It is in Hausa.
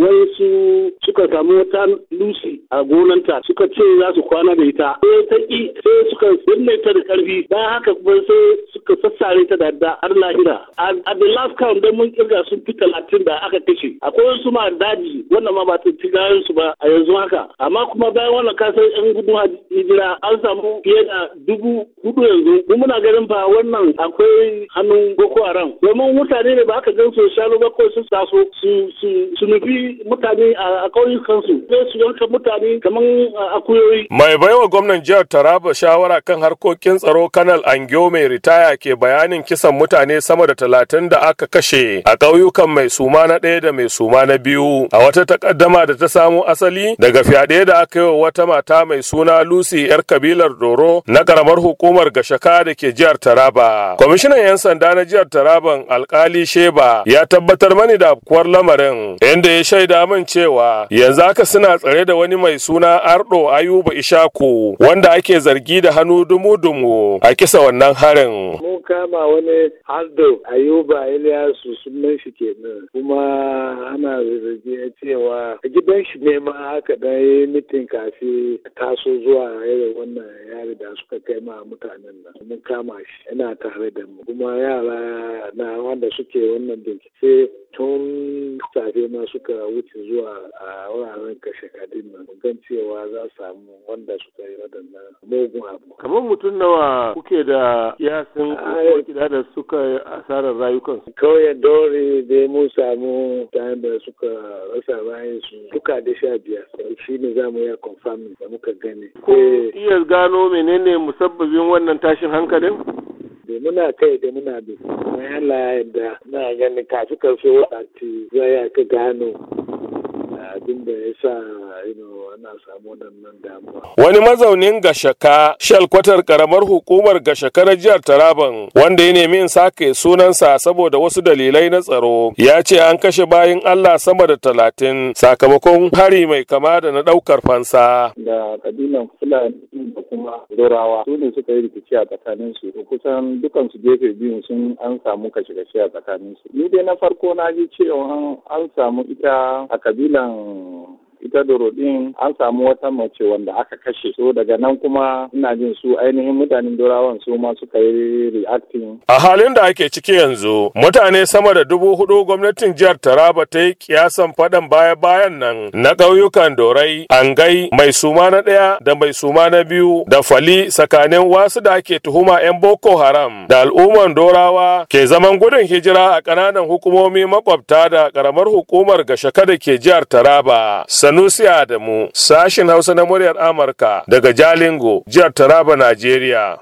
ways to suka samu wata lusi a gonanta suka ce za su kwana da ita sai ta ki sai suka binne ta da karfi bayan haka kuma sai suka sassare ta da da har lahira a the last count dan mun kirga sun fi talatin da aka kashe akwai wasu ma daji wannan ma ba ta ci su ba a yanzu haka amma kuma bayan wannan kasar yan gudun hijira an samu fiye da dubu hudu yanzu mun muna ganin fa wannan akwai hannun boko haram domin mutane ne ba aka gan su shanu ba ko su taso su nufi mutane a ƙauye akuyoyi. Mai baiwa gwamnan jihar Taraba shawara kan harkokin tsaro Kanal Angio mai ritaya ke bayanin kisan mutane sama da talatin da aka kashe a ƙauyukan mai suma na ɗaya da mai suma na biyu a wata takaddama da ta samo asali daga fyaɗe da aka yi wa wata mata mai suna Lucy 'yar kabilar Doro na karamar hukumar Gashaka da ke jihar Taraba. Kwamishinan 'yan sanda na jihar Taraban alkali Sheba ya tabbatar mani da afkuwar lamarin inda ya shaida min cewa yanzu haka suna tsare da wani mai suna ardo ayuba ishaku wanda ake zargi da hannu dumu-dumu a kisa wannan harin mun kama wani ardo ayuba iliyasu sunan shi kenan kuma ana zargi cewa a gidan shi ne ma aka dan yi mitin kafi taso zuwa irin wannan yari da suka kai ma mutanen nan mun kama shi yana tare da mu kuma yara na wanda suke wannan bincike tun safe ma suka wuce zuwa a wuraren kashe kadin nan gan cewa za samu wanda suka yi waɗannan mugun abu. Kamar mutum nawa kuke da yasin kuma da suka asarar rayukansu. Kauye dori dai mun samu ta da suka rasa bayan su duka da sha biyar. Shi ne za mu iya confirming da muka gani. Ko eh. iya gano menene musabbabin wannan tashin hankalin? da muna kai da muna bi. Mai Allah yadda na gani kafin karfe wata ce zai ka gano abinda ya sa ana samu wannan damuwa. Wani mazaunin Gashaka, shalkwatar karamar hukumar Gashaka na jihar Taraban, wanda ya nemi in sake sunansa saboda wasu dalilai na tsaro, ya ce an kashe bayan Allah sama da talatin sakamakon hari mai kama da na ɗaukar fansa. Da kabilan Fulani da kuma rorawa su ne suka yi rikici a tsakanin su, kusan dukan su gefe biyu sun an samu kashe-kashe a tsakanin su. Ni dai na farko na ji cewa an samu ita a kabilan um ita dorodin rodin an samu wata mace wanda aka kashe so daga nan kuma ina jin su ainihin mutanen dorawan su ma suka yi reacting a halin da ake ciki yanzu mutane sama da dubu hudu gwamnatin jihar taraba ta yi kiyasan fadan baya bayan nan na ƙauyukan dorai angai mai suma na ɗaya da mai suma na biyu da fali tsakanin wasu da ake tuhuma 'yan boko haram da al'umman dorawa ke zaman gudun hijira a ƙananan hukumomi makwabta da ƙaramar hukumar gashaka da ke jihar taraba Sanusi Adamu, sashin Hausa na muryar Amurka daga Jalingo, jihar Taraba, Najeriya.